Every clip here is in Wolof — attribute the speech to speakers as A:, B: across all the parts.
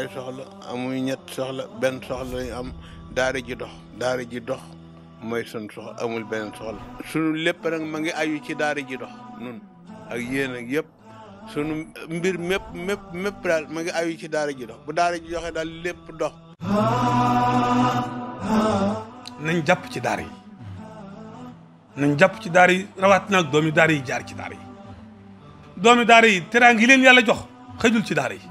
A: ñaari soxla amuñu ñett soxla benn soxla lañu am daara ji dox daara ji dox mooy sun soxla amul benn soxla sunu lépp nag ma ngi ayu ci daara ji dox nun ak yéen ak sunu mbir mépp mépp mépp daal ma ngi ayu ci daara ji dox bu daara ji doxee daal lépp dox
B: jàpp ci daara yi nañ jàpp ci daara yi nag doomi daara yi jaar ci daara yi doomi daara yi teraangi leen yàlla jox xëjul ci daara yi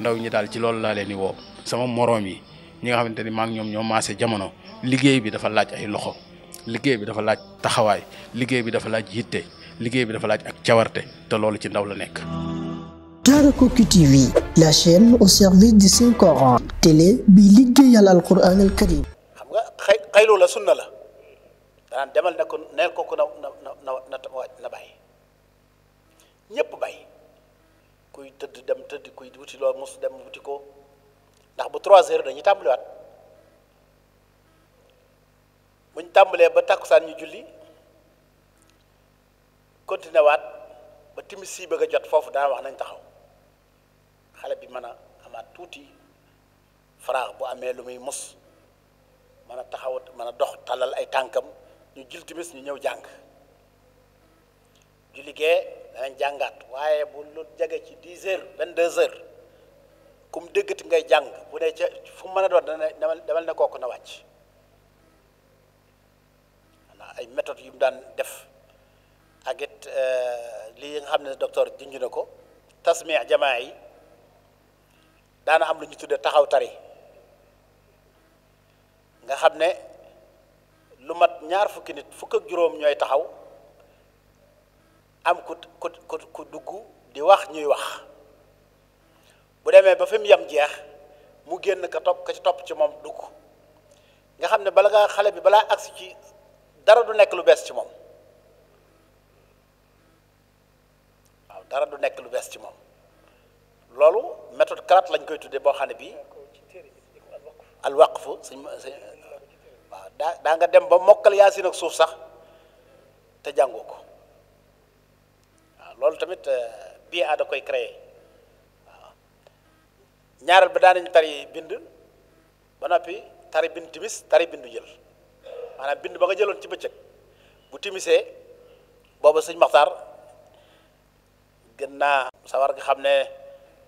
A: ndaw ñi daal ci loolu laa leen di woo sama moroom yi ñi nga xamante ni maa ngi ñoom ñoo maase jamono liggéey bi dafa laaj ay loxo liggéey bi dafa laaj taxawaay liggéey bi dafa laaj yitte liggéey bi dafa laaj ak cawarte te loolu ci ndaw la nekk.
B: Daarakoki TV la chaîne au service du Saint Coran télé bi liggéeyal al Quran al Karim.
A: xay xayloo sunna la danaan demal ne ko neel ko ko na na na na bàyyi ñëpp bàyyi. kuy tëdd dem tëdd kuy wuti loo mus dem wuti ko ndax bu trois heures dañuy tàmbaliwaat bu ñu tàmbalee ba tàkkusaan ñu julli continué waat ba timis si bëgg a jot foofu daan wax nañ taxaw xale bi mën a amaat tuuti faraax bu amee lu muy mus mën a taxawat mën a dox talal ay tànkam ñu jël timis ñu ñëw jàng julli gee danañ jàngaat waaye bu lu jege ci dix heures vingt deux heures kum dëggati ngay jàng bu dee ca fu mu mën a doon dana demal demal ne kooku na wàcc maanaam ay méthodes yu mu daan def ak it euh, lii nga xam ne docteur junj na ko tasmia jamaa yi daana am lu ñu tuddee taxaw tari nga xam ne lu mat ñaar fukki nit fukk juróom ñooy taxaw am ku ku ku dugg di wax ñuy wax bu demee ba fi mu yem jeex mu génn ka topp ka ci topp ci moom dugg nga xam ne bala nga xale bi balaa agsi ci dara du nekk lu bees ci moom waaw dara du nekk lu bees ci moom loolu méthode karat lañ koy tuddee boo xam ne bii al waqf suñ waaw daa daa nga dem ba mokkal yaasin ak suuf sax te jàngoo ko loolu tamit euh, bii aada koy créer ñaareel ba daanañ tari bind ba noppi tari bind timis tari bindu jël maanaam bind ba nga jëloon ci bëccëg bu timisee boobu sëñ Maxtaar gën naa sawar nga xam ne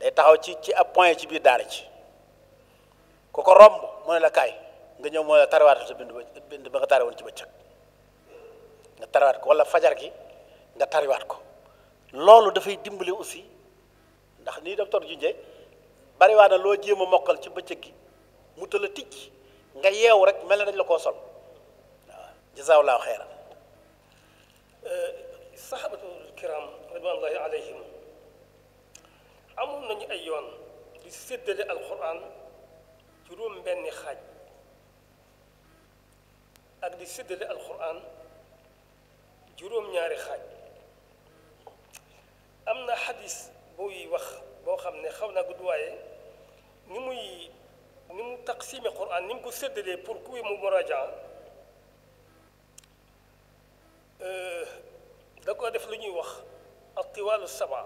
A: day taxaw ci ci ab point ci biir daara ci ku ko romb mu ne la kaay nga ñëw mooy la tariwaat sa bind ba bind ba nga tari woon ci bëccëg nga tariwaat ko wala fajar gi nga tariwaat ko loolu dafay dimbale aussi ndax nii docteur junje bari waa na loo jéem a mokkal ci bëccëg gi mu tëla ticc nga yeewu rek mel na dañ la koo sol waaw jazaawlaahu xeyran
B: euh, saxaabatu kiram ridwanullahi alayhim amoon nañu ay yoon di séddale alquran juróom benni xaaj ak di séddale alquran juróom-ñaari xaaj am na xadis buy wax boo xam ne xaw naa gudd waaye ni muy ni mu taqsime quran ni mu ko séddalee pour kuy mu muraja euh, da ko def lu ñuy wax atiwaalu saba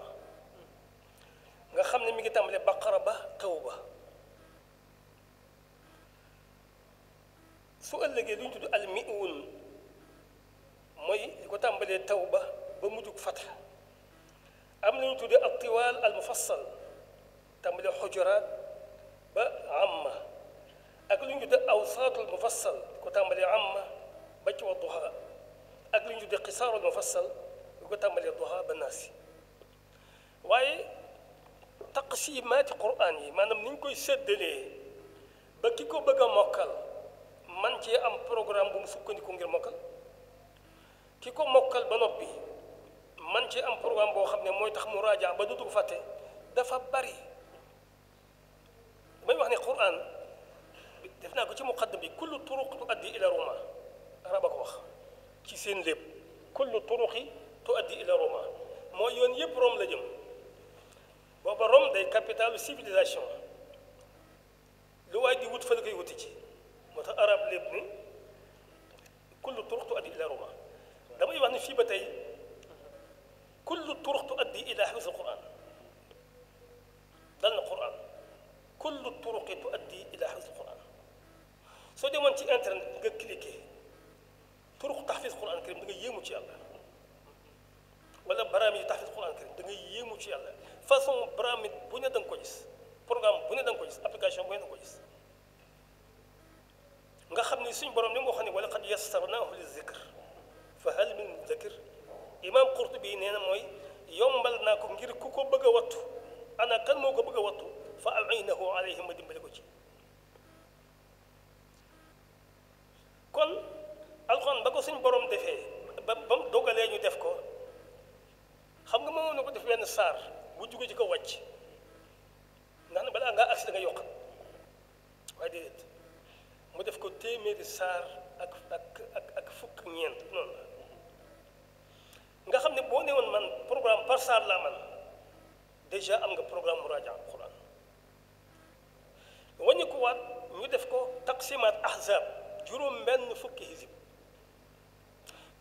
B: nga xam ne mi ngi tàmbalee baqara ba tawba su ëllëgee lu ñu tudd almiun mooy li ko tàmbalee taw ba ba mujjug fat am nañu tuddee al tiwaal al mufassal tàmbale xujuraat ba amma ak lu ñu tuddee awsaatul mufassal ko tàmbalee amma ba ci wa duha ak lu ñu tuddee xisaarul mufassal lu ko tàmbalee duha ba naasi waaye taqsimaati quraan yi maanaam ni koy séddalee ba ki ko bëgg a mokkal man cee am programme bu mu sukkandiku ngir mokkal ki ko mokkal ba noppi man ci am programme boo xam ne mooy tax mu rajaa ba dutu fàtte dafa bari may wax ne quran def naa ko ci muqaddam bi kullu turuq tu addi ila roma araba wax ci seen lépp kullu turuqi tu addi ila roma mooy yoon yëpp Rome la jëm booba Rome day capitale civilisation lu waay di wut fa la koy wuti ci moo tax arab lépp ni kullu turuq tu ila roma damay wax ne fii ba tey kullu turuq tuaddi ila xifz alquran dal na quran kullu turuqi tuaddi ila xifz alquran soo demoon ci internet nga cliqué turuq taxfiz quran karim da nga yéemu ci yàlla wala baraam yi taxfiz quran karim da nga yéemu ci yàlla façon baraam it bu ne da nga ko gis bu ne da ko gis application bu ne da nga ko gis nga xam ni suñ borom li mu wax wala qad yassarnaahu li awee ma dimbale ko ci kon alxuraan ba ko suñ borom defee ba ba mu dogalee ñu def ko xam nga ma mënoon na ko def benn saar bu jóge ci ko wàcc ndax na balaa ngaa agsi da nga yokk waaye déedéet mu def ko téeméeri saar ak ak ak ak fukk ñeent noonu nga xam ne boo ne woon man programme par saar laa man déjà am nga programme mu rajo ko mu ñu def ko taqsimaat ahzab juróom benn fukki xisib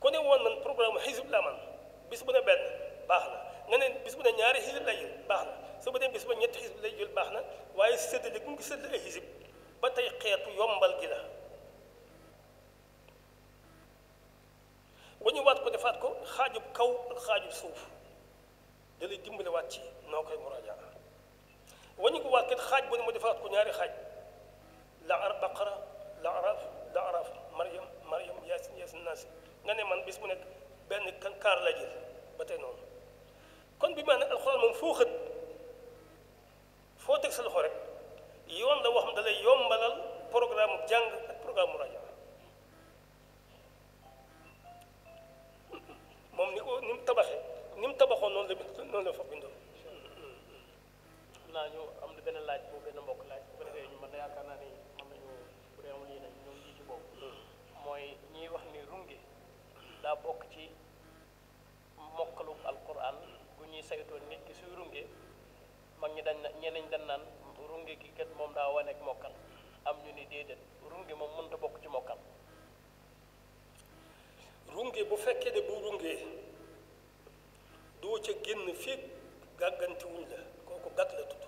B: ku ne woon nan programme xisib la man bis bu ne benn baax na nga ne bis bu ne ñaari xisib lay jël baax na su bu ne bis bu ne ñetti xisib lay jël baax na waaye séddale gu ngi séddale xisib ba tey xeetu yombal gi la ba ñu waat ko defaat ko xaajub kaw ak xaajub suuf da lay waat ci noo koy muraajaa wañu ko waat kat xaaj bu ne ma defaat ko ñaari xaaj la baqara la araf la araf mariam mariam yaasin yaasin naasi nga ne man bis bu nekk benn kaar la jël ba noonu kon bi ma ne alxuraan moom foo xët foo teg sa loxo yoon la wax xam dalay yombalal programme jàng ak programme rajo
A: ñeneen dañ naan runge gi kat moom daa waneeg mokkal am ñu ni déedéet
B: runge moom mënta bokk ci mokkal runge bu fekkee ne bu rungee doo ca génn fii gàggantiwuñ la kooku gàgg la tudd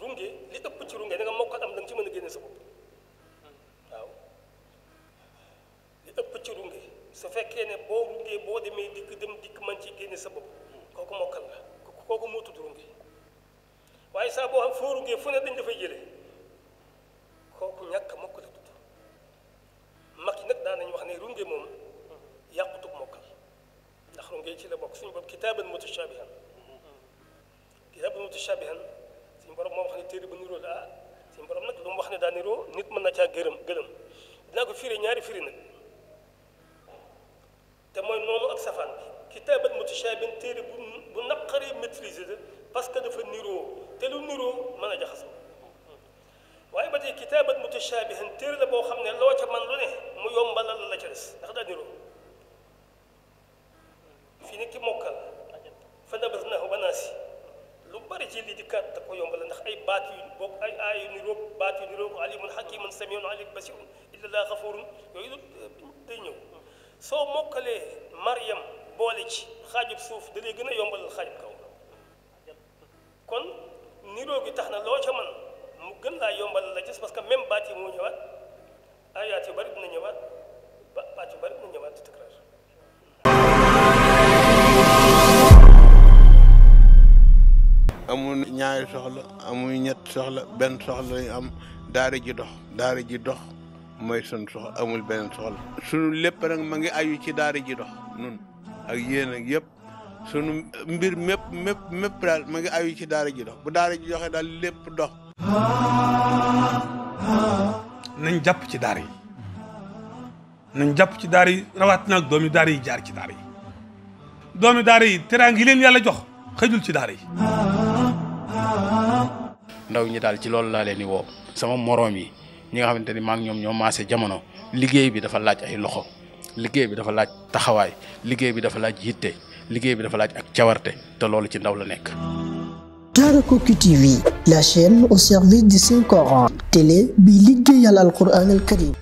B: runge li ëpp ci runge da nga am da ci mën a génne sa bopp ëpp ci runge su fekkee ne boo boo demee dikk dem dikk man ci génne sa bopp ay saa foo xam fooru ne dañ dafay jële kooku ñàkk mokk la tudd daan nañu wax ne runge moom yàqutug mokkal ndax runge ci la bokk suñu bopp kitaaban mutashabihan kitaaban mutashabihan suñu borom moo wax ne téere bu niroo la ah suñu borom nag lu mu wax ne daa niroo nit mën na caa gërëm gëlëm dinaa ko firi ñaari firi nag te mooy noonu ak safaan bi kitaaban mutashabihan téere bu bu naqaree maîtriser la parce que dafa niroo telu lu nuroo mën a jaxasoo waaye ba tey kitaabat mutashaabihan téere la boo xam ne loo ca man lu ne mu yombalal la ca des ndax daa niroo fii ne ki si fanabasnaahu banaasi lu bari ci lii di kat da ko ndax ay baat yu bokk ay yu niroog baat yu niroog alimun hakimun samiun alim basirun illallah xafurun yooyu day ñëw soo mokkalee Mariam boole ci xaajub suuf da gën a yombalal xaajub kaw niroo gi tax na loo que même baat yi moo
A: amul ñaari soxla amul ñett soxla benn soxla lañu am daara ji dox daara ji dox mooy suñ soxla amul benn soxla suñu lépp nag ma ngi ayu ci daara ji dox nun ak yéen ak sunu mbir mépp mépp mépp daal ci daara ji dox bu daara ji joxe daal lépp dox
B: nañ jàpp ci daara nañ jàpp ci daara yi rawaat nag doomi daara yi jaar ci daara yi doomi daara yi teraang yi leen yàlla jox xëjul ci daara yi ndaw ñi daal ci loolu laa leen di woo sama
A: moroom yi ñi nga xamante ni maa ñoom ñoo maase jamono liggéey bi dafa laaj ay loxo liggéey bi dafa laaj taxawaay liggéey bi dafa laaj yitte liggéey bi dafa laaj ak cawarte te loolu ci ndaw
B: la nekk. Daara Koki TV la chaîne au service di Saint Coran télé bi liggéeyal al Qur'an al Karim